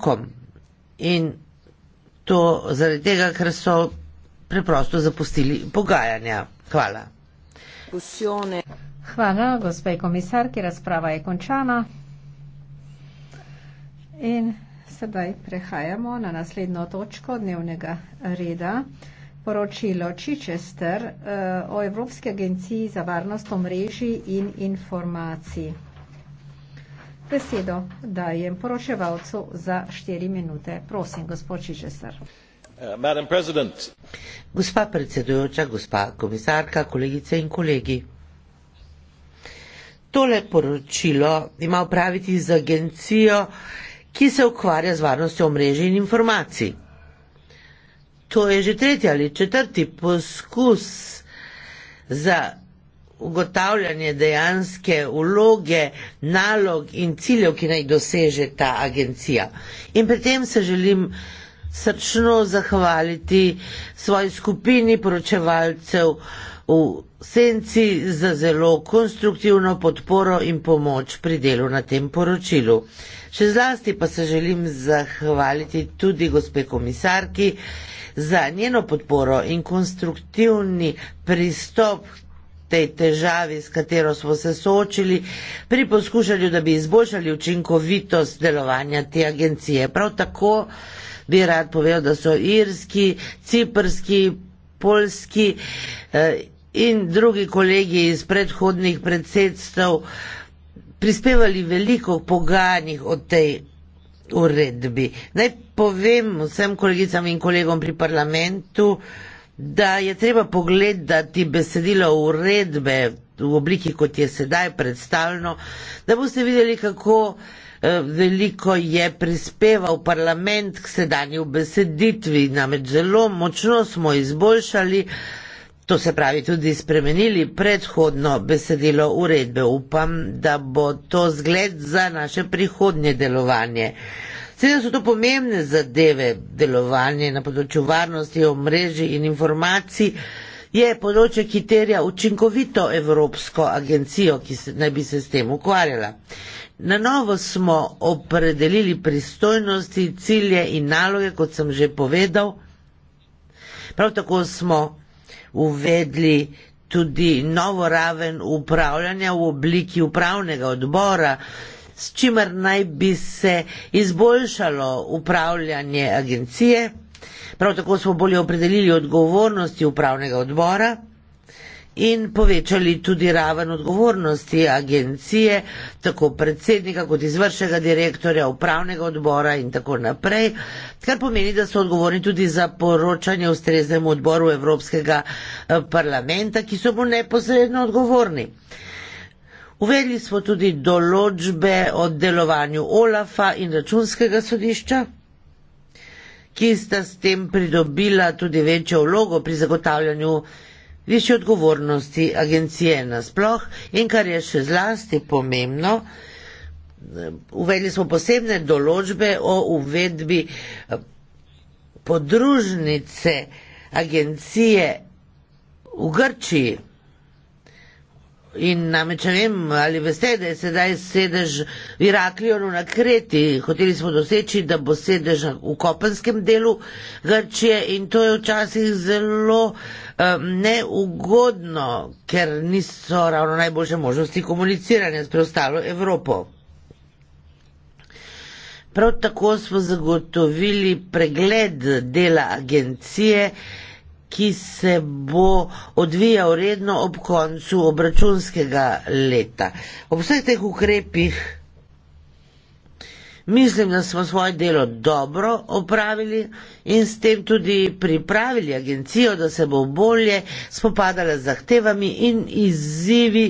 otrokom. In to zaradi tega, ker so preprosto zapustili pogajanja. Hvala. Hvala, gospe komisarki, razprava je končana. In sedaj prehajamo na naslednjo točko dnevnega reda. Poročilo Čičester eh, o Evropski agenciji za varnost omrežji in informacij. Besedo dajem poročevalcu za štiri minute. Prosim, gospod Čižesar. Uh, gospa predsedujoča, gospa komisarka, kolegice in kolegi. Tole poročilo ima upraviti z agencijo, ki se ukvarja z varnostjo omrežij in informacij. To je že tretji ali četrti poskus za ugotavljanje dejanske vloge, nalog in ciljev, ki naj doseže ta agencija. In pri tem se želim srčno zahvaliti svoji skupini poročevalcev v senci za zelo konstruktivno podporo in pomoč pri delu na tem poročilu. Še zlasti pa se želim zahvaliti tudi gospe komisarki za njeno podporo in konstruktivni pristop k tej težavi, s katero smo se soočili, pri poskušanju, da bi izboljšali učinkovitost delovanja te agencije. Prav tako bi rad povedal, da so irski, ciprski, polski eh, in drugi kolegi iz predhodnih predsedstv prispevali veliko pogajanjih o tej uredbi. Naj povem vsem kolegicam in kolegom pri parlamentu, da je treba pogledati besedilo uredbe v obliki, kot je sedaj predstavljeno, da boste videli, kako eh, veliko je prispeval parlament k sedanji v beseditvi, namreč zelo močno smo izboljšali, to se pravi tudi spremenili predhodno besedilo uredbe. Upam, da bo to zgled za naše prihodnje delovanje. Seveda so to pomembne zadeve, delovanje na področju varnosti, omrežji in informacij. Je področje, ki terja učinkovito Evropsko agencijo, ki se, naj bi se s tem ukvarjala. Na novo smo opredelili pristojnosti, cilje in naloge, kot sem že povedal. Prav tako smo uvedli tudi novo raven upravljanja v obliki upravnega odbora, s čimer naj bi se izboljšalo upravljanje agencije. Prav tako smo bolje opredelili odgovornosti upravnega odbora in povečali tudi raven odgovornosti agencije, tako predsednika kot izvršnega direktorja, upravnega odbora in tako naprej, kar pomeni, da so odgovorni tudi za poročanje ustreznemu odboru Evropskega eh, parlamenta, ki so mu neposredno odgovorni. Uvedli smo tudi določbe o delovanju OLAFA in računskega sodišča, ki sta s tem pridobila tudi večjo vlogo pri zagotavljanju više odgovornosti agencije nasploh in kar je še zlasti pomembno, uvedli smo posebne določbe o uvedbi eh, podružnice agencije v Grčiji. In namreč vem, ali veste, da je sedaj sedež v Iraklionu na Kreti. Hoteli smo doseči, da bo sedež v kopenskem delu Grčije in to je včasih zelo um, neugodno, ker niso ravno najboljše možnosti komuniciranja s preostalo Evropo. Prav tako smo zagotovili pregled dela agencije ki se bo odvijal redno ob koncu obračunskega leta. Ob vseh teh ukrepih mislim, da smo svoje delo dobro opravili in s tem tudi pripravili agencijo, da se bo bolje spopadala z zahtevami in izzivi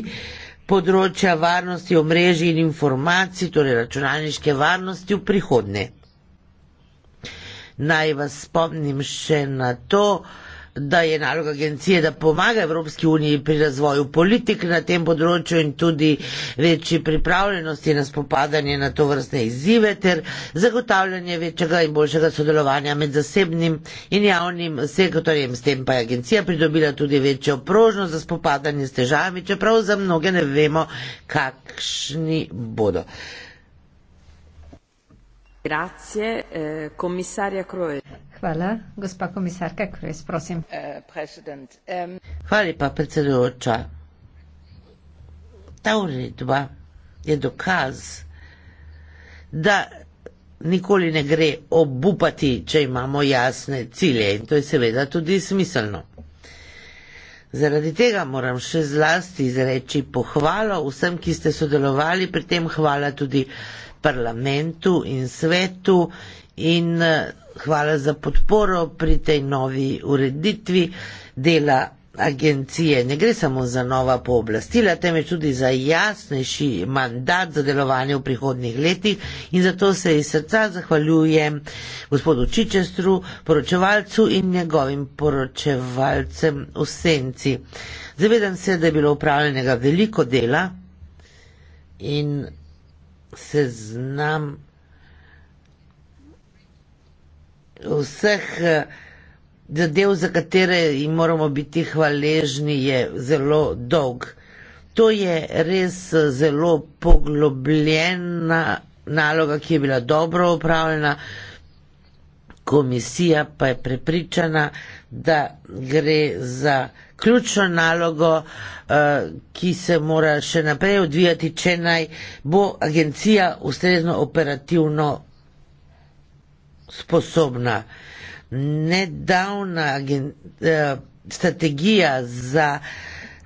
področja varnosti omrežij in informacij, torej računalniške varnosti v prihodnje. Naj vas spomnim še na to, da je naloga agencije, da pomaga Evropski uniji pri razvoju politik na tem področju in tudi večji pripravljenosti na spopadanje na to vrstne izzive ter zagotavljanje večjega in boljšega sodelovanja med zasebnim in javnim sektorjem. S tem pa je agencija pridobila tudi večjo prožnost za spopadanje s težavami, čeprav za mnoge ne vemo, kakšni bodo. Grazie, komisarja eh, Kroj. Hvala, gospa komisarka Kroj, prosim. Eh, hvala lepa, predsedujoča. Ta uredba je dokaz, da nikoli ne gre obupati, če imamo jasne cilje in to je seveda tudi smiselno. Zaradi tega moram še zlasti izreči pohvalo vsem, ki ste sodelovali pri tem, hvala tudi parlamentu in svetu in eh, hvala za podporo pri tej novi ureditvi dela agencije. Ne gre samo za nova pooblastila, temveč tudi za jasnejši mandat za delovanje v prihodnih letih in zato se iz srca zahvaljujem gospodu Čičestru, poročevalcu in njegovim poročevalcem v senci. Zavedam se, da je bilo upravljenega veliko dela in seznam vseh eh, zadev, za katere jim moramo biti hvaležni, je zelo dolg. To je res eh, zelo poglobljena naloga, ki je bila dobro upravljena komisija pa je prepričana, da gre za ključno nalogo, eh, ki se mora še naprej odvijati, če naj bo agencija ustrezno operativno sposobna. Nedavna eh, strategija za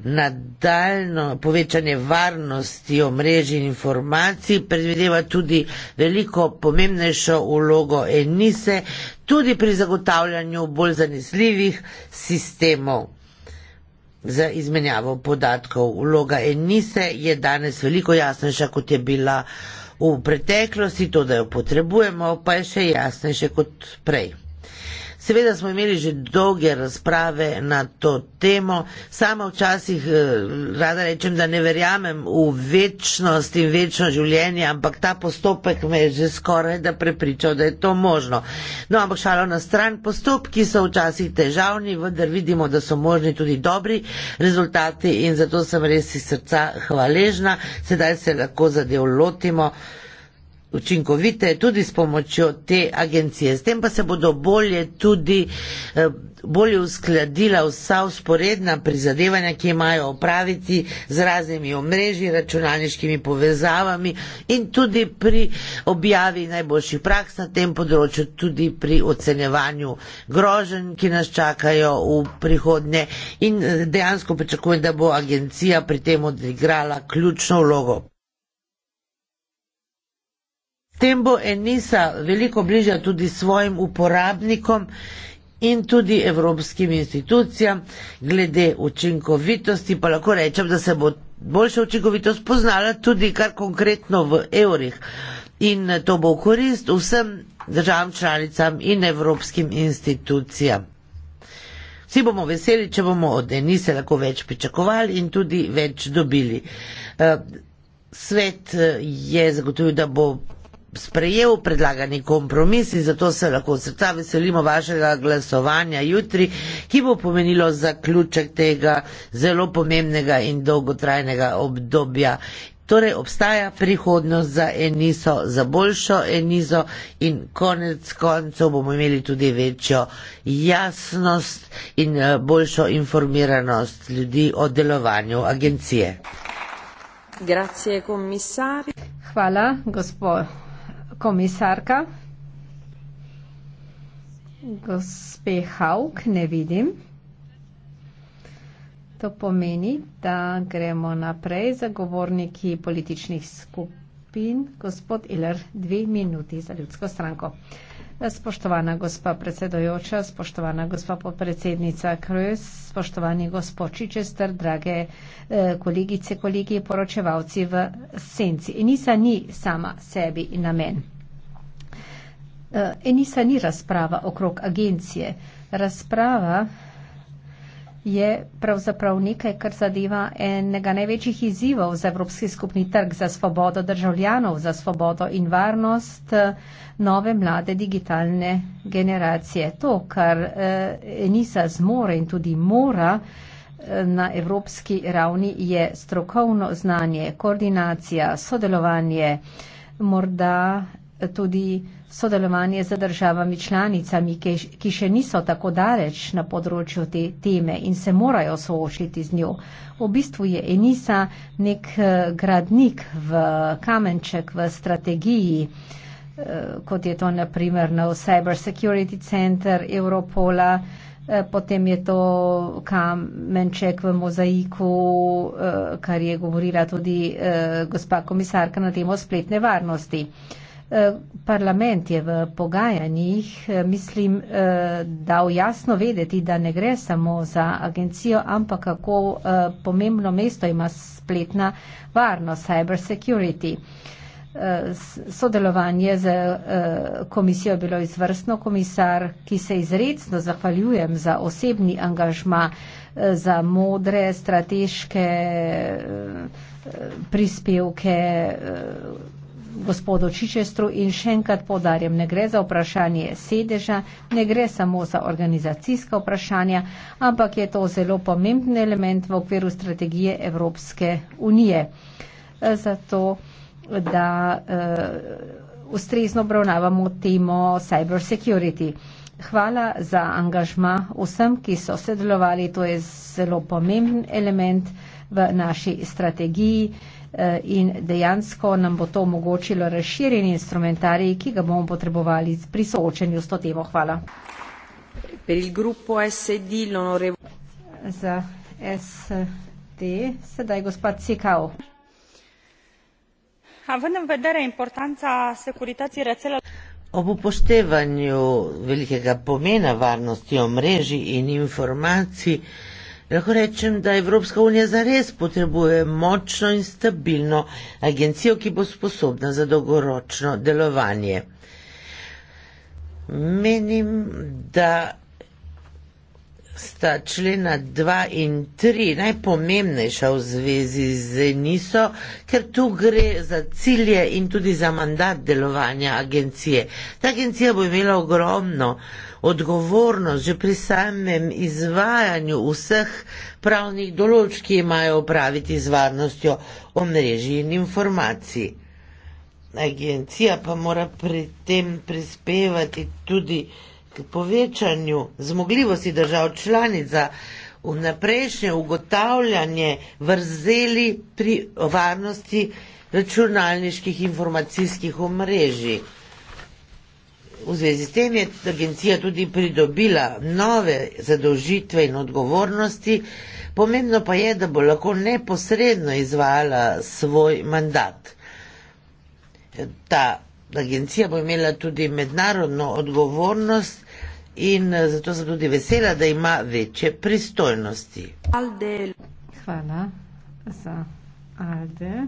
nadaljno povečanje varnosti omrežij in informacij predvideva tudi veliko pomembnejšo ulogo enise, tudi pri zagotavljanju bolj zanesljivih sistemov za izmenjavo podatkov. Vloga Enise je danes veliko jasnejša, kot je bila v preteklosti, to, da jo potrebujemo, pa je še jasnejše kot prej. Seveda smo imeli že dolge razprave na to temo. Sama včasih eh, rada rečem, da ne verjamem v večnost in večno življenje, ampak ta postopek me je že skoraj da prepričal, da je to možno. No, ampak šalo na stran, postopki so včasih težavni, vendar vidimo, da so možni tudi dobri rezultati in zato sem res iz srca hvaležna. Sedaj se lahko zadev lotimo učinkovite tudi s pomočjo te agencije. S tem pa se bodo bolje tudi eh, bolje uskladila vsa usporedna prizadevanja, ki imajo opraviti z raznimi omrežji, računalniškimi povezavami in tudi pri objavi najboljših praks na tem področju, tudi pri ocenjevanju grožen, ki nas čakajo v prihodnje in dejansko pričakujem, da bo agencija pri tem odigrala ključno vlogo tem bo Enisa veliko bližja tudi svojim uporabnikom in tudi evropskim institucijam, glede učinkovitosti, pa lahko rečem, da se bo boljša učinkovitost poznala tudi kar konkretno v evrih. In to bo v korist vsem državam članicam in evropskim institucijam. Vsi bomo veseli, če bomo od Denise lahko več pričakovali in tudi več dobili. Eh, svet eh, je zagotovil, da bo sprejel predlagani kompromis in zato se lahko srca veselimo vašega glasovanja jutri, ki bo pomenilo zaključek tega zelo pomembnega in dolgotrajnega obdobja. Torej obstaja prihodnost za Eniso, za boljšo Eniso in konec koncev bomo imeli tudi večjo jasnost in eh, boljšo informiranost ljudi o delovanju agencije. Grazie, Hvala, gospod komisarka, gospe Hauk, ne vidim. To pomeni, da gremo naprej za govorniki političnih skupin. Gospod Iler, dve minuti za ljudsko stranko. Uh, Spoštovana gospa predsedojoča, spoštovana gospa podpredsednica Kruis, spoštovani gospod Čičester, drage eh, kolegice, kolegi, poročevalci v senci. Enisa ni sama sebi namen. Eh, Enisa ni razprava okrog agencije. Razprava je pravzaprav nekaj, kar zadeva enega največjih izzivov za Evropski skupni trg, za svobodo državljanov, za svobodo in varnost eh, nove mlade digitalne generacije. To, kar eh, Enisa zmore in tudi mora eh, na evropski ravni, je strokovno znanje, koordinacija, sodelovanje, morda tudi sodelovanje z državami članicami, ki še niso tako daleč na področju te teme in se morajo soočiti z njo. V bistvu je Enisa nek eh, gradnik v kamenček v strategiji, eh, kot je to naprimer nov Cyber Security Center Europola, eh, potem je to kamenček v mozaiku, kar je govorila tudi gospa komisarka na temo spletne varnosti. Eh, parlament je v pogajanjih, eh, mislim, eh, dal jasno vedeti, da ne gre samo za agencijo, ampak kako pomembno mesto ima spletna varnost, cyber security. Sodelovanje z komisijo je bilo izvrstno, komisar, ki se izredno zahvaljujem za osebni angažma, za modre strateške prispevke gospodu Čičestru in še enkrat podarjam, ne gre za vprašanje sedeža, ne gre samo za organizacijska vprašanja, ampak je to zelo pomemben element v okviru strategije Evropske unije. Zato, da uh, ustrezno obravnavamo temo cyber security. Hvala za angažma vsem, ki so sodelovali. To je zelo pomemben element v naši strategiji. Uh, Eh, in dejansko nam bo to omogočilo razširjen instrumentarij, ki ga bomo potrebovali pri soočenju s to temo. Hvala. Za SD, sedaj gospod Cikao. Ob upoštevanju velikega pomena varnosti omrežij in informacij, Lahko rečem, da Evropska unija zares potrebuje močno in stabilno agencijo, ki bo sposobna za dolgoročno delovanje. Menim, da sta člena 2 in 3 najpomembnejša v zvezi z niso, ker tu gre za cilje in tudi za mandat delovanja agencije. Ta agencija bo imela ogromno odgovornost že pri samem izvajanju vseh pravnih določb, ki imajo opraviti z varnostjo omrežij in informacij. Agencija pa mora pri tem prispevati tudi k povečanju zmogljivosti držav članic za vnaprejšnje ugotavljanje vrzeli pri varnosti računalniških informacijskih omrežij. V zvezi s tem je agencija tudi pridobila nove zadolžitve in odgovornosti, pomembno pa je, da bo lahko neposredno izvajala svoj mandat. Ta agencija bo imela tudi mednarodno odgovornost. In eh, zato sem tudi vesela, da ima večje pristojnosti. Hvala za Alde.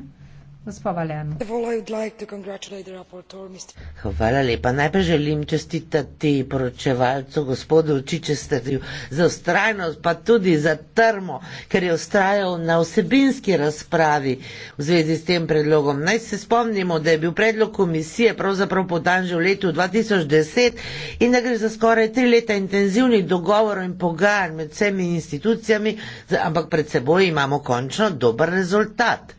Hvala lepa. Najprej želim čestitati poročevalcu gospodu Čičestarju za ustrajnost, pa tudi za trmo, ker je ustrajal na vsebinski razpravi v zvezi s tem predlogom. Naj se spomnimo, da je bil predlog komisije pravzaprav podan že v letu 2010 in da gre za skoraj tri leta intenzivnih dogovorov in pogajanj med vsemi institucijami, ampak pred seboj imamo končno dober rezultat.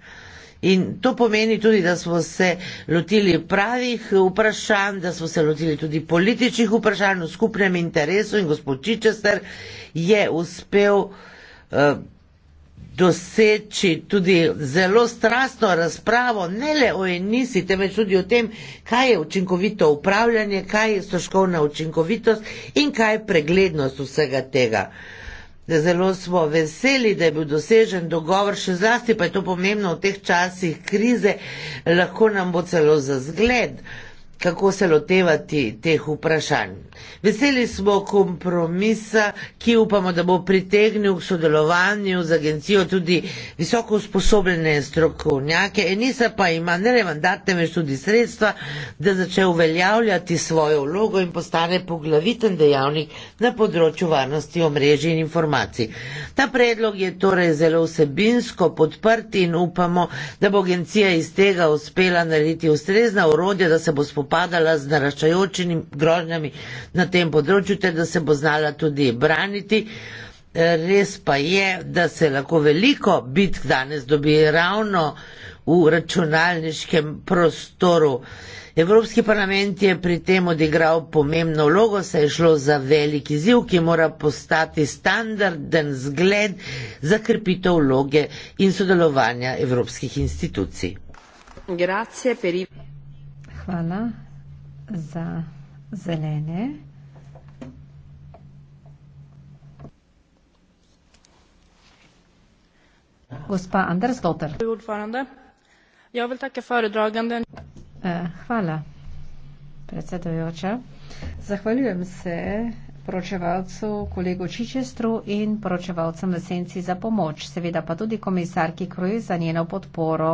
In to pomeni tudi, da smo se lotili pravih vprašanj, da smo se lotili tudi političnih vprašanj v skupnem interesu in gospod Čičester je uspel uh, doseči tudi zelo strastno razpravo, ne le o enisi, temveč tudi o tem, kaj je učinkovito upravljanje, kaj je stroškovna učinkovitost in kaj je preglednost vsega tega. Uh, da zelo smo veseli, da je bil dosežen dogovor, še zlasti pa je to pomembno v teh časih krize, lahko nam bo celo za zgled kako se lotevati teh vprašanj. Veseli smo kompromisa, ki upamo, da bo pritegnil k sodelovanju z agencijo tudi visoko usposobljene strokovnjake. Enisa pa ima ne le mandat, temveč tudi sredstva, da začne uveljavljati svojo vlogo in postane poglaviten dejavnik na področju varnosti omrežij in informacij. Ta predlog je torej zelo vsebinsko podprt in upamo, da bo agencija iz tega uspela narediti ustrezna urodja, da se bo spopadla spopadala z naraščajočimi grožnjami na tem področju, ter da se bo znala tudi braniti. E, res pa je, da se lahko veliko bitk danes dobi ravno v računalniškem prostoru. Evropski parlament je pri tem odigral pomembno vlogo, saj je šlo za velik izziv, ki mora postati standarden zgled za krepitev vloge in sodelovanja evropskih institucij. Hvala za zelene. Gospa Andersdotter. Eh, hvala, predsedujoča. Zahvaljujem se poročevalcu kolegu Čičestru in poročevalcem v senci za pomoč, seveda pa tudi komisarki Kruj za njeno podporo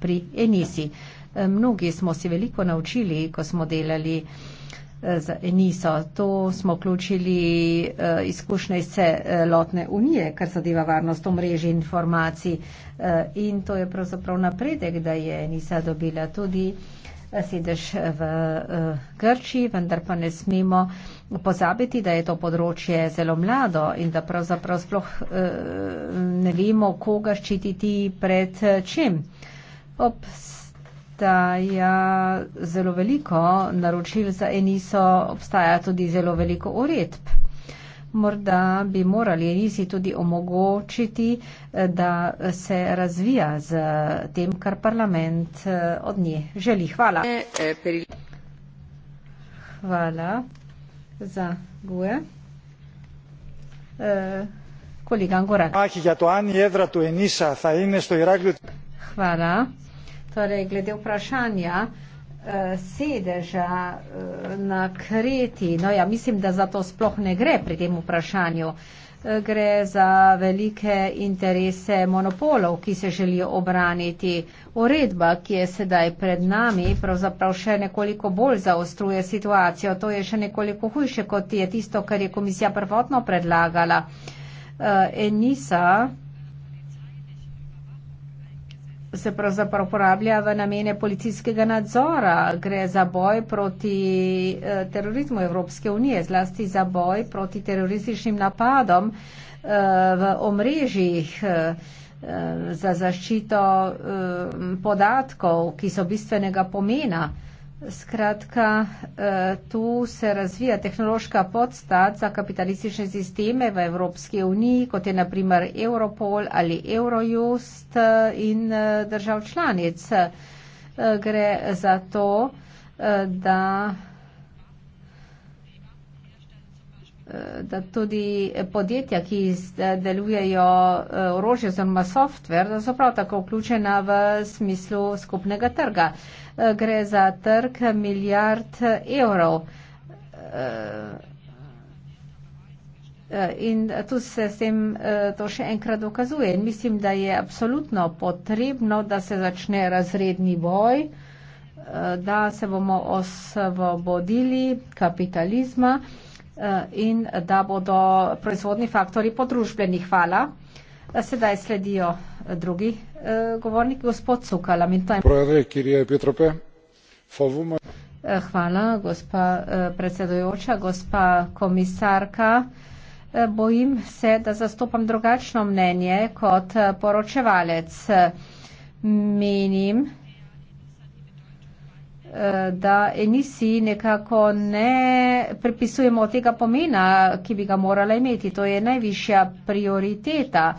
pri Enisi. Ja. Mnogi smo se veliko naučili, ko smo delali eh, z Eniso. To smo vključili eh, izkušnje iz celotne eh, unije, kar zadeva varnost omrežij in informacij. In to je pravzaprav napredek, da je Enisa dobila tudi sedež v Grčiji, vendar pa ne smemo pozabiti, da je to področje zelo mlado in da pravzaprav sploh ne vemo, koga ščititi pred čem. Ob da je zelo veliko naročil za Eniso, obstaja tudi zelo veliko uredb. Morda bi morali Enisi tudi omogočiti, eh, da se razvija z tem, kar parlament eh, od nje želi. Hvala. Hvala za goje. Eh, kolega Angora. Hvala. Torej, glede vprašanja eh, sedeža eh, na Kreti, no ja, mislim, da za to sploh ne gre pri tem vprašanju. Eh, gre za velike interese monopolov, ki se želijo obraniti. Uredba, ki je sedaj pred nami, pravzaprav še nekoliko bolj zaostruje situacijo. To je še nekoliko hujše, kot je tisto, kar je komisija prvotno predlagala. Enisa, se pravzaprav uporablja v namene policijskega nadzora. Gre za boj proti eh, terorizmu Evropske unije, zlasti za boj proti terorističnim napadom eh, v omrežjih eh, za zaščito podatkov, ki so bistvenega pomena Skratka, eh, tu se razvija tehnološka podstat za kapitalistične sisteme v Evropski uniji, kot je naprimer Europol ali Eurojust eh, in eh, držav članic. Gre za to, da, da tudi podjetja, ki delujejo orožje oziroma softver, da so prav tako vključena v smislu skupnega trga. Eh, gre za trg milijard evrov. Eh, eh, in tu se s tem to še enkrat dokazuje. In mislim, da je absolutno potrebno, da se začne razredni boj, da se bomo osvobodili kapitalizma in da bodo proizvodni faktori podružbeni. Hvala. Sedaj sledijo drugi eh, govornik, gospod Sukala. Eh, hvala, gospa eh, predsedojoča, gospa komisarka. Bojim se, da zastopam drugačno mnenje kot poročevalec. Menim, da enisi nekako ne pripisujemo tega pomena, ki bi ga morala imeti. To je najvišja prioriteta.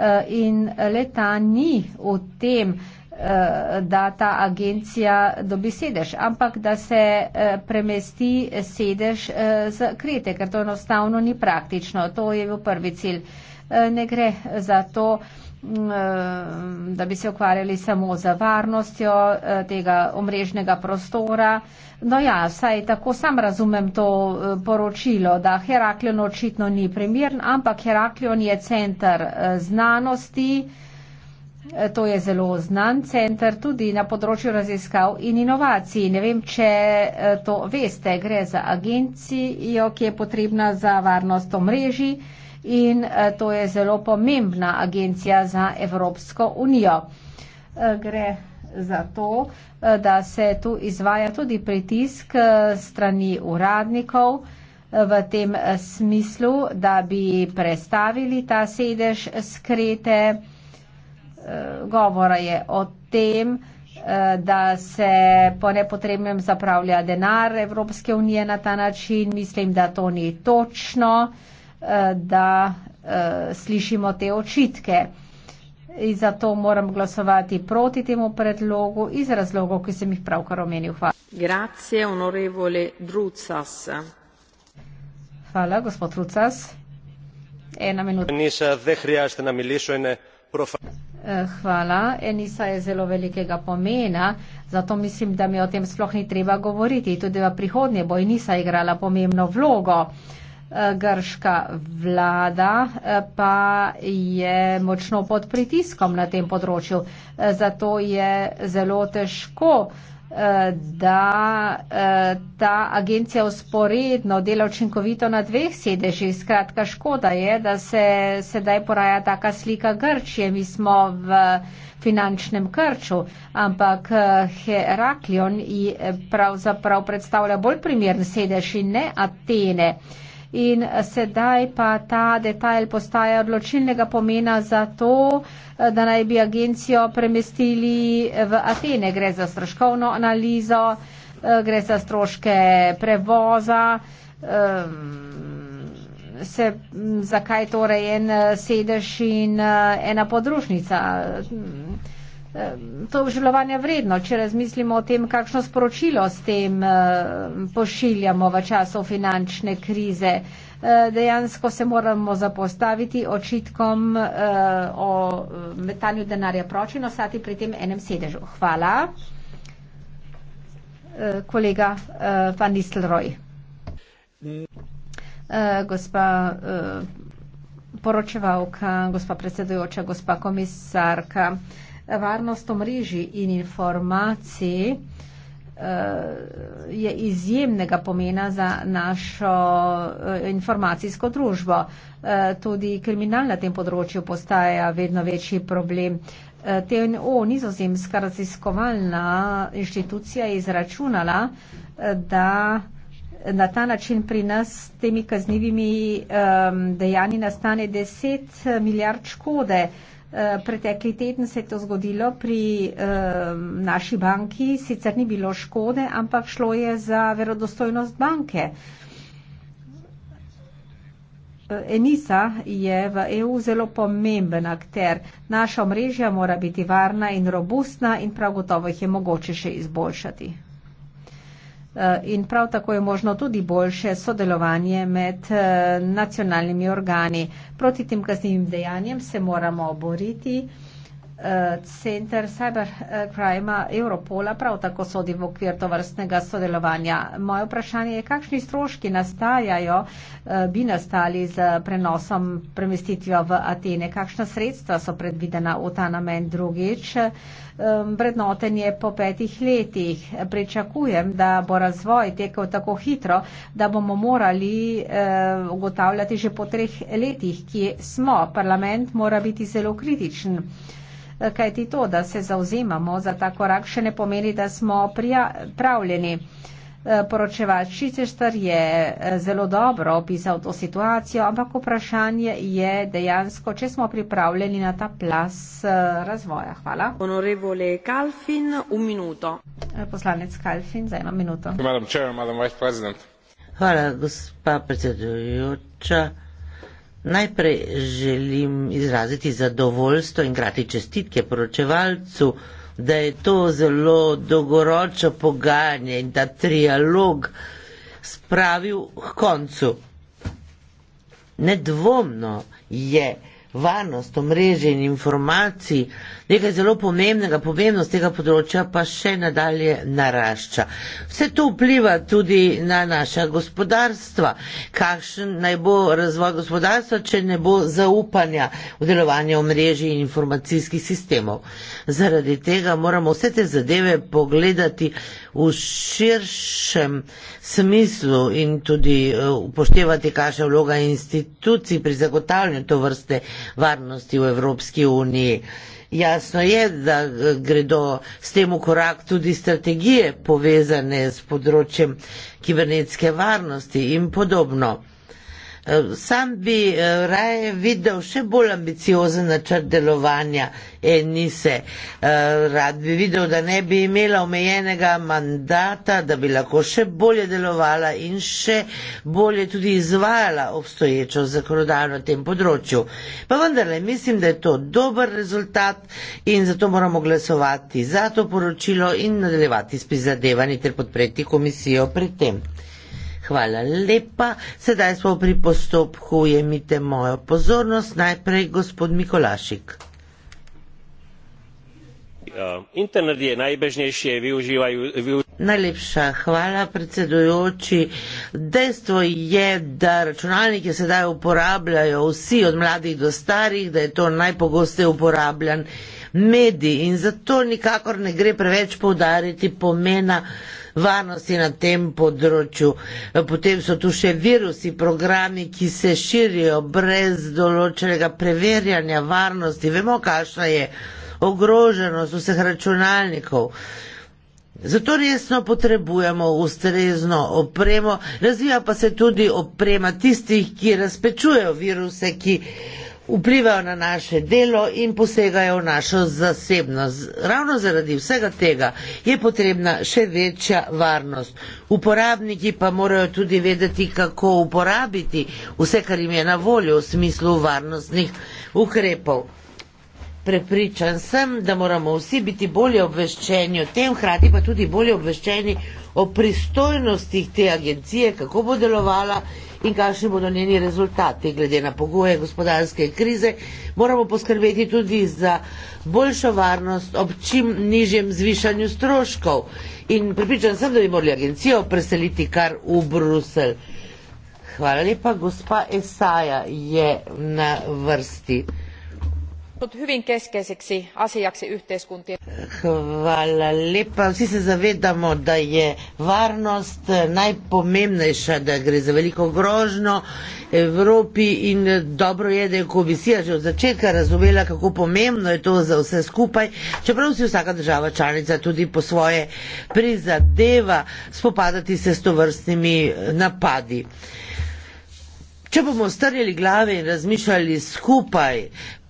Eh, in leta ni v tem, eh, da ta agencija dobi sedež, ampak da se eh, premesti sedež z krete, ker to enostavno ni praktično. To je bil prvi cilj. Ne gre za to, Eh, da bi se ukvarjali samo z varnostjo eh, tega omrežnega prostora. No ja, saj tako sam razumem to eh, poročilo, da Heraklion očitno ni primern, ampak Heraklion je centr znanosti, to je zelo znan centr tudi na področju raziskav in inovacij. Ne vem, če to veste, gre za agencijo, ki je potrebna za varnost omrežij in eh, to je zelo pomembna agencija za Evropsko unijo. Eh, gre za to, eh, da se tu izvaja tudi pritisk strani uradnikov v tem smislu, da bi prestavili ta sedež skrete. Govora je o tem, da se po nepotrebnem zapravlja denar Evropske unije na ta način. Mislim, da to ni točno. Eh, da eh, slišimo te očitke. In zato moram glasovati proti temu predlogu iz razlogov, ki sem jih pravkar omenil. Hvala. Grazie, onorevole Drucas. Hvala, gospod Drucas. Ena minuta. Enisa, zehrija ste nam ilišo in profa. Eh, hvala. Enisa je zelo velikega pomena, zato mislim, da mi o tem sploh ni treba govoriti. Tudi v prihodnje bo Enisa igrala pomembno vlogo. Uh, Eh, grška vlada eh, pa je močno pod pritiskom na tem področju. Eh, zato je zelo težko, da ta agencija usporedno dela učinkovito na dveh sedežih. Skratka, škoda je, da se sedaj poraja taka slika Grčije. Mi smo v finančnem krču, ampak Heraklion pravzaprav predstavlja bolj primern sedež in ne Atene in sedaj pa ta detajl postaja odločilnega pomena za to, da naj bi agencijo premestili v Atene. Gre za stroškovno analizo, gre za stroške prevoza. Se, zakaj torej en sedež in ena podružnica? to življenja vredno, če razmislimo o tem, kakšno sporočilo s tem pošiljamo v času finančne krize. Dejansko se moramo zapostaviti očitkom o metanju denarja proči in ostati pri tem enem sedežu. Hvala. Kolega Van Nistelrooy. Gospa poročevalka, gospa predsedujoča, gospa komisarka varnost omrežij in informacij eh, je izjemnega pomena za našo eh, informacijsko družbo. Eh, tudi kriminal na tem področju postaja vedno večji problem. TNO, nizozemska raziskovalna inštitucija, je izračunala, da na ta način pri nas s temi kaznjivimi dejanji nastane 10 milijard škode. Eh, pretekli teden se je to zgodilo pri uh, naši banki, sicer ni bilo škode, ampak šlo je za verodostojnost banke. Eh, Enisa je v EU zelo pomemben akter. Naša omrežja mora biti varna in robustna in prav gotovo jih je mogoče še izboljšati. Eh, in prav tako je možno tudi boljše sodelovanje med eh, nacionalnimi organi. Proti tem kaznim dejanjem se moramo boriti center cybercrima Europola prav tako sodi v okvir tovrstnega sodelovanja. Moje vprašanje je, kakšni stroški nastajajo, eh, bi nastali z prenosom premestitvijo v Atene, kakšna sredstva so predvidena v ta namen drugič. Eh, Vrednoten je po petih letih. Pričakujem, da bo razvoj tekel tako hitro, da bomo morali eh, ugotavljati že po treh letih, kje smo. Parlament mora biti zelo kritičen kaj ti to, da se zauzimamo za ta korak, še ne pomeni, da smo pravljeni. E, Poročevalč Čičeštr je e, zelo dobro opisal to situacijo, ampak vprašanje je dejansko, če smo pripravljeni na ta plas e, razvoja. Hvala. Honorevole Kalfin, un minuto. Poslanec Kalfin, za eno minuto. Madam Chair, Madam Vice President. Hvala, gospa predsedujoča. Najprej želim izraziti zadovoljstvo in krati čestitke poročevalcu, da je to zelo dolgoročno pogajanje in da trialog spravil k koncu. Nedvomno je varnost omrežja in informacij nekaj zelo pomembnega, pomembnost tega področja pa še nadalje narašča. Vse to vpliva tudi na naša gospodarstva. Kakšen naj bo razvoj gospodarstva, če ne bo zaupanja v delovanje omrežij in informacijskih sistemov. Zaradi tega moramo vse te zadeve pogledati v širšem smislu in tudi eh, upoštevati, kakšna vloga institucij pri zagotavljanju to vrste varnosti v Evropski uniji. Jasno je, da eh, gredo s tem v korak tudi strategije povezane s področjem kibernetske varnosti in podobno. Sam bi eh, raje videl še bolj ambiciozen načrt delovanja Enise. Eh, rad bi videl, da ne bi imela omejenega mandata, da bi lahko še bolje delovala in še bolje tudi izvajala obstoječo zakonodajo na tem področju. Pa vendarle mislim, da je to dober rezultat in zato moramo glasovati za to poročilo in nadaljevati s prizadevanji ter podpreti komisijo pri tem. Hvala lepa. Sedaj smo pri postopku. Ujemite mojo pozornost. Najprej gospod Mikolašik. Ja, internet je najbežnejše, využívajú. Vy... Najlepša hvala, predsedujoči. Dejstvo je, da računalnike sedaj uporabljajo vsi, od mladih do starih, da je to najpogosteje uporabljan mediji in zato nikakor ne gre preveč povdariti pomena varnosti na tem področju. Potem so tu še virusi, programi, ki se širijo brez določenega preverjanja varnosti. Vemo, kakšna je ogroženost vseh računalnikov. Zato resno potrebujemo ustrezno opremo, razvija pa se tudi oprema tistih, ki razpečujejo viruse, ki vplivajo na naše delo in posegajo v našo zasebnost. Ravno zaradi vsega tega je potrebna še večja varnost. Uporabniki pa morajo tudi vedeti, kako uporabiti vse, kar jim je na voljo v smislu varnostnih ukrepov. Prepričan sem, da moramo vsi biti bolje obveščeni o tem, hkrati pa tudi bolje obveščeni o pristojnostih te agencije, kako bo delovala in kakšni bodo njeni rezultati. Glede na pogoje gospodarske krize moramo poskrbeti tudi za boljšo varnost ob čim nižjem zvišanju stroškov. In pripričan sem, da bi morali agencijo preseliti kar v Bruselj. Hvala lepa, gospa Esaja je na vrsti muuttunut hyvin keskeiseksi asiaksi yhteiskuntien. Hvala lepa. Vsi se zavedamo, da je varnost najpomembnejša, da gre za veliko grožno Evropi in dobro je, da je komisija že od začetka razumela, kako pomembno je to za vse skupaj, čeprav si vsaka država članica tudi po svoje prizadeva spopadati se s to vrstnimi eh, napadi. Če bomo strjeli glave in razmišljali skupaj,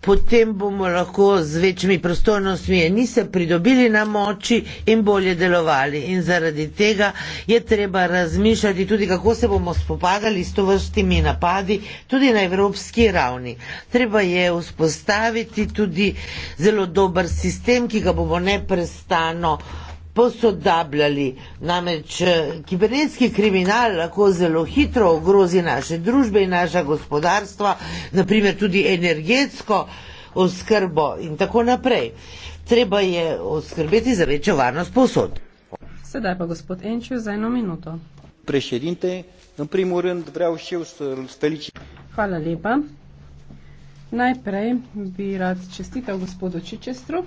potem bomo lahko z večjimi prostornostmi enice pridobili na moči in bolje delovali. In zaradi tega je treba razmišljati tudi, kako se bomo spopadali s to vrstimi napadi tudi na evropski ravni. Treba je vzpostaviti tudi zelo dober sistem, ki ga bomo neprestano uh, posodabljali. Namreč eh, kibernetski kriminal lahko zelo hitro ogrozi naše družbe in naša gospodarstva, naprimer tudi energetsko oskrbo in tako naprej. Treba je oskrbeti za večjo varnost posod. Sedaj pa gospod Enčev za eno minuto. Prešedinte, na primer, vreo še v stoliči. Hvala lepa. Najprej bi rad čestital gospodu Čičestru.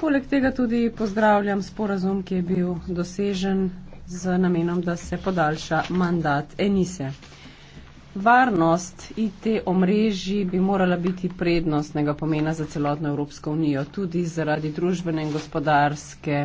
Poleg tega tudi pozdravljam sporazum, ki je bil dosežen z namenom, da se podaljša mandat Enise. Varnost IT omrežji bi morala biti prednostnega pomena za celotno Evropsko unijo, tudi zaradi družbene in gospodarske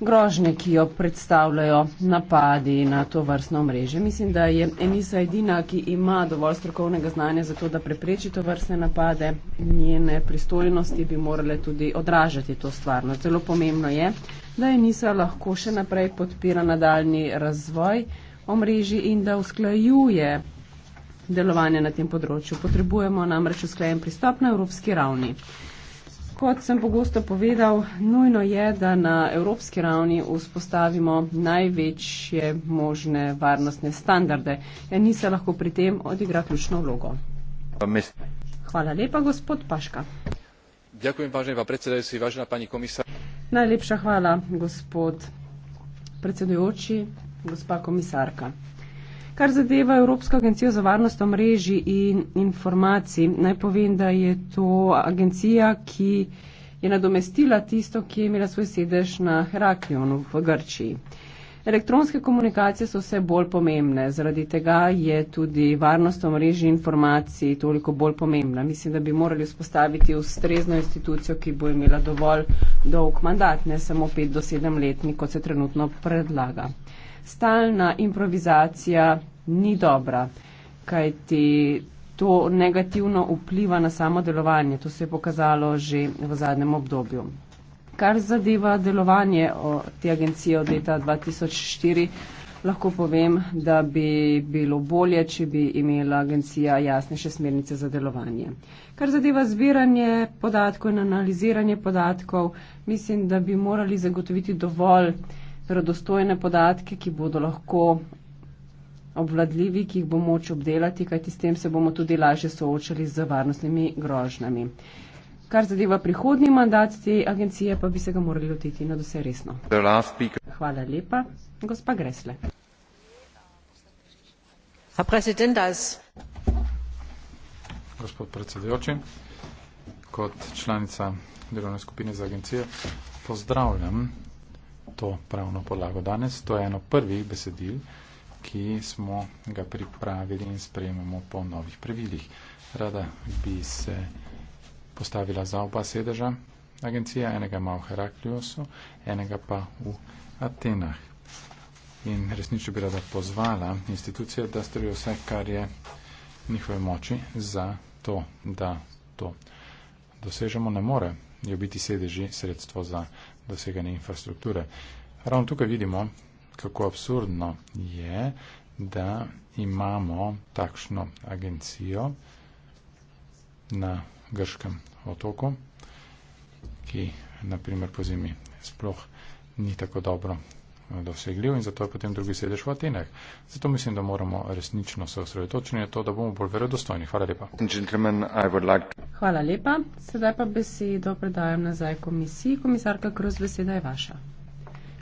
grožnje, ki jo predstavljajo napadi na to vrstno mreže. Mislim, da je Enisa edina, ki ima dovolj strokovnega znanja za to, da prepreči to vrstne napade. Njene pristojnosti bi morale tudi odražati to stvarno. Zelo pomembno je, da Enisa lahko še naprej podpira nadaljni razvoj omrežji in da usklajuje delovanje na tem področju. Potrebujemo namreč usklajen pristop na evropski ravni. Kot sem pogosto povedal, nujno je, da na evropski ravni vzpostavimo največje možne varnostne standarde. Enisa ja, lahko pri tem odigra ključno vlogo. Hvala lepa, gospod Paška. Ďakujem, vážený pán predsedajúci, vážená pani komisár. Najlepša hvala, gospod predsedujúci, gospa komisárka. Kar zadeva Evropsko agencijo za varnost omrežji in informacij, naj povem, da je to agencija, ki je nadomestila tisto, ki je imela svoj sedež na Heraklionu v Grčiji. Elektronske komunikacije so vse bolj pomembne, zaradi tega je tudi varnost omrežji in informacij toliko bolj pomembna. Mislim, da bi morali vzpostaviti ustrezno institucijo, ki bo imela dovolj dolg mandat, ne samo 5 do 7 let, kot se trenutno predlaga stalna improvizacija ni dobra, kajti to negativno vpliva na samo delovanje. To se je pokazalo že v zadnjem obdobju. Kar zadeva delovanje te agencije od leta 2004, lahko povem, da bi bilo bolje, če bi imela agencija jasnejše smernice za delovanje. Kar zadeva zbiranje podatkov in analiziranje podatkov, mislim, da bi morali zagotoviti dovolj eh, verodostojne podatke, ki bodo lahko obvladljivi, ki jih bo moč obdelati, kajti s tem se bomo tudi lažje soočali z varnostnimi grožnami. Kar zadeva prihodni mandat te agencije, pa bi se ga morali lotiti na vse resno. Hvala lepa, gospa Gresle. Gospod predsedujoči, kot članica delovne skupine za agencije, pozdravljam to pravno podlago danes. To je eno prvih besedil, ki smo ga pripravili in sprejemamo po novih pravilih. Rada bi se postavila za oba sedeža agencija, enega ima v Herakliosu, enega pa v Atenah. In resnično bi rada pozvala institucije, da storijo vse, kar je njihove moči za to, da to dosežemo. Ne more jo biti sedeži sredstvo za doseganje infrastrukture. Ravno tukaj vidimo, kako absurdno je, da imamo takšno agencijo na grškem otoku, ki naprimer po zimi sploh ni tako dobro dosegljiv in zato je potem drugi sedež v Atenah. Zato mislim, da moramo resnično se osredotočiti na to, da bomo bolj verodostojni. Hvala lepa. Hvala lepa. Sedaj pa besedo predajam nazaj komisiji. Komisarka Kroz, beseda je vaša.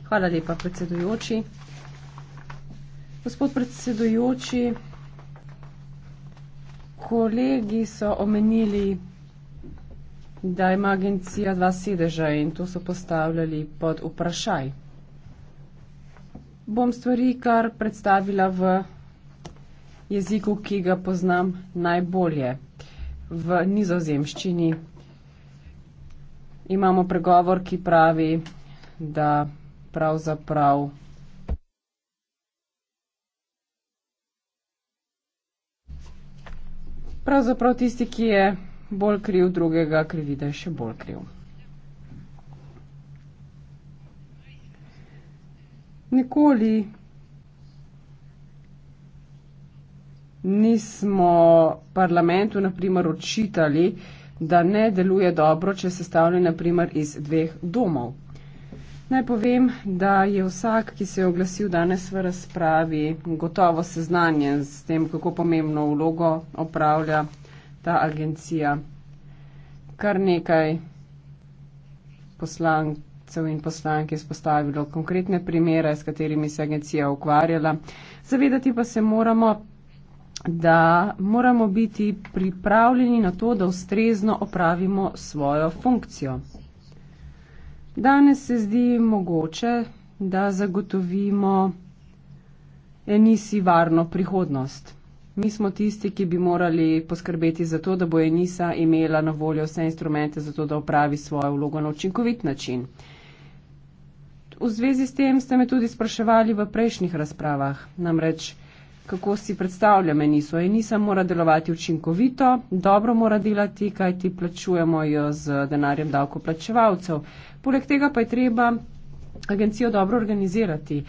Hvala lepa, predsedujoči. Gospod predsedujoči, kolegi so omenili, da ima agencija dva sedeža in to so postavljali pod vprašaj bom stvari kar predstavila v jeziku, ki ga poznam najbolje, v nizozemščini. Imamo pregovor, ki pravi, da pravzaprav. Pravzaprav tisti, ki je bolj kriv drugega, krivi, da je še bolj kriv. nikoli nismo parlamentu naprimer očitali, da ne deluje dobro, če se stavlja naprimer iz dveh domov. Naj povem, da je vsak, ki se je oglasil danes v razpravi, gotovo seznanjen s tem, kako pomembno vlogo opravlja ta agencija. Kar nekaj poslank poslancev in poslank izpostavilo konkretne primere, s katerimi se agencija ukvarjala. Zavedati pa se moramo, da moramo biti pripravljeni na to, da ustrezno opravimo svojo funkcijo. Danes se zdi mogoče, da zagotovimo enisi varno prihodnost. Mi smo tisti, ki bi morali poskrbeti za to, da bo enisa imela na voljo vse instrumente za to, da opravi svojo vlogo na učinkovit način v zvezi s tem ste me tudi spraševali v prejšnjih razpravah. Namreč, kako si predstavljam Eniso? Enisa mora delovati učinkovito, dobro mora delati, kaj ti plačujemo jo z denarjem davkoplačevalcev. Poleg tega pa je treba agencijo dobro organizirati.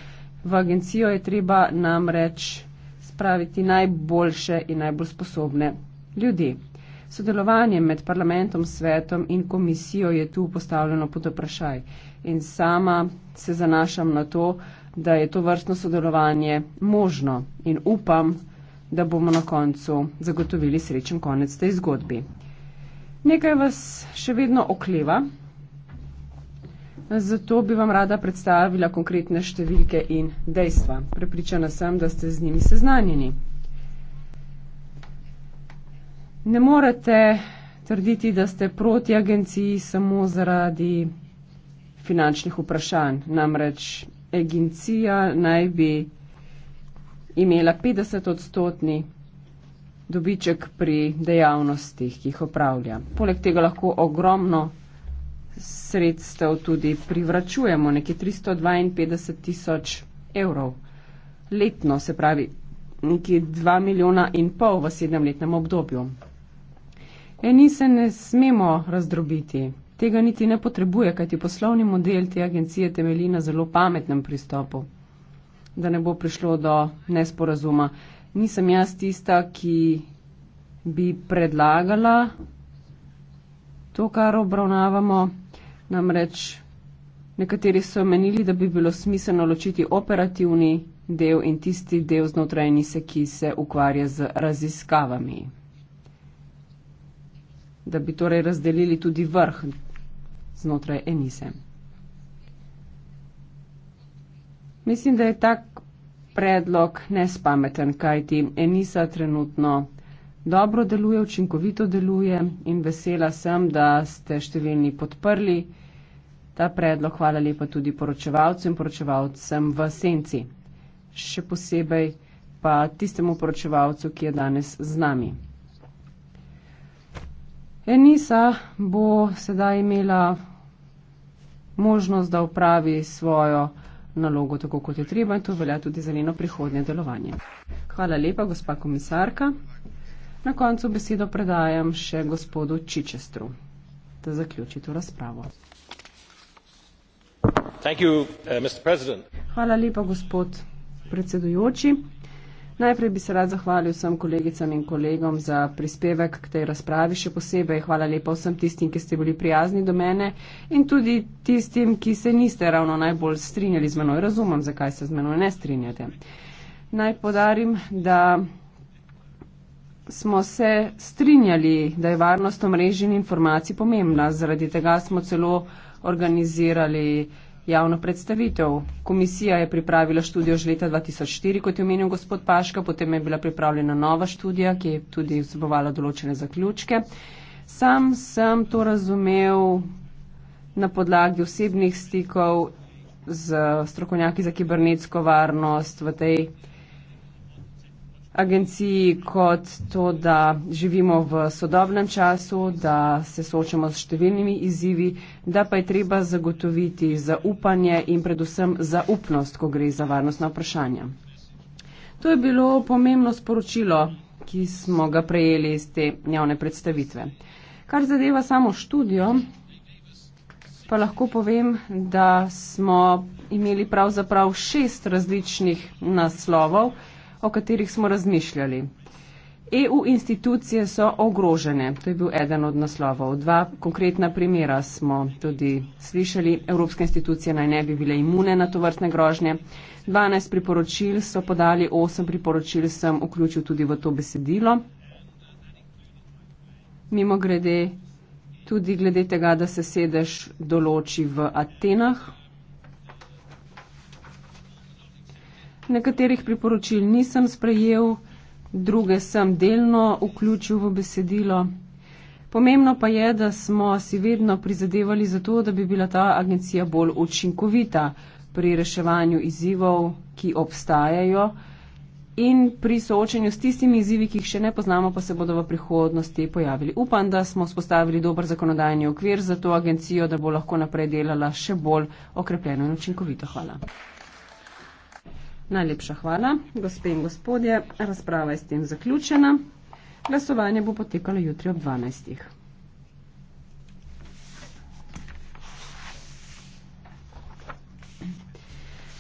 V agencijo je treba namreč spraviti najboljše in najbolj sposobne ljudi. Sodelovanje med parlamentom, svetom in komisijo je tu postavljeno pod vprašaj in sama se zanašam na to, da je to vrstno sodelovanje možno in upam, da bomo na koncu zagotovili srečen konec tej zgodbi. Nekaj vas še vedno okleva, zato bi vam rada predstavila konkretne številke in dejstva. Prepričana sem, da ste z njimi seznanjeni ne morete trditi, da ste proti agenciji samo zaradi finančnih vprašanj. Namreč agencija naj bi imela 50 odstotni dobiček pri dejavnostih, ki jih opravlja. Poleg tega lahko ogromno sredstev tudi privračujemo, nekje 352 tisoč evrov letno, se pravi nekje 2 milijona in pol v sedemletnem obdobju. Eni se ne smemo razdrobiti. Tega niti ne potrebuje, kajti poslovni model te agencije temelji na zelo pametnem pristopu. Da ne bo prišlo do nesporazuma. Nisem jaz tista, ki bi predlagala to, kar obravnavamo. Namreč nekateri so menili, da bi bilo smiselno ločiti operativni del in tisti del znotraj nise, ki se ukvarja z raziskavami da bi torej razdelili tudi vrh znotraj enise. Mislim, da je tak predlog nespameten, kajti enisa trenutno dobro deluje, učinkovito deluje in vesela sem, da ste številni podprli ta predlog. Hvala lepa tudi poročevalcem in poročevalcem v senci. Še posebej pa tistemu poročevalcu, ki je danes z nami. Enisa bo sedaj imela možnost, da upravi svojo nalogo tako, kot je treba in to velja tudi za njeno prihodnje delovanje. Hvala lepa, gospa komisarka. Na koncu besedo predajam še gospodu Čičestru, da zaključi to razpravo. Uh, Hvala lepa, gospod predsedujoči. Najprej bi se rad zahvalil vsem kolegicam in kolegom za prispevek k tej razpravi, še posebej hvala lepa vsem tistim, ki ste bili prijazni do mene in tudi tistim, ki se niste ravno najbolj strinjali z menoj. Razumem, zakaj se z menoj ne strinjate. Naj podarim, da smo se strinjali, da je varnost omrežij in informacij pomembna. Zaradi tega smo celo organizirali uh, javno predstavitev. Komisija je pripravila študijo že leta 2004, kot je omenil gospod Paška, potem je bila pripravljena nova študija, ki je tudi vsebovala določene zaključke. Sam sem to razumel na podlagi osebnih stikov z strokovnjaki za kibernetsko varnost v tej agenciji kot to, da živimo v sodobnem času, da se soočamo s številnimi izzivi, da pa je treba zagotoviti zaupanje in predvsem zaupnost, ko gre za varnostna vprašanja. To je bilo pomembno sporočilo, ki smo ga prejeli iz te javne predstavitve. Kar zadeva samo študijo, pa lahko povem, da smo imeli pravzaprav šest različnih naslovov, o katerih smo razmišljali. EU institucije so ogrožene, to je bil eden od naslovov. Dva konkretna primera smo tudi slišali, evropske institucije naj ne bi bile imune na to vrstne grožnje. 12 priporočil so podali, 8 priporočil sem vključil tudi v to besedilo. Mimo grede, tudi glede tega, da se sedež določi v Atenah, Nekaterih priporočil nisem sprejel, druge sem delno vključil v besedilo. Pomembno pa je, da smo si vedno prizadevali za to, da bi bila ta agencija bolj učinkovita pri reševanju izzivov, ki obstajajo in pri soočanju s tistimi izzivi, ki jih še ne poznamo, pa se bodo v prihodnosti pojavili. Upam, da smo spostavili dober zakonodajni okvir za to agencijo, da bo lahko naprej delala še bolj okrepljeno in učinkovito. Hvala. Najlepša hvala, gospe in gospodje. Razprava je s tem zaključena. Glasovanje bo potekalo jutri ob 12.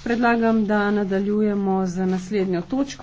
Predlagam, da nadaljujemo z naslednjo točko.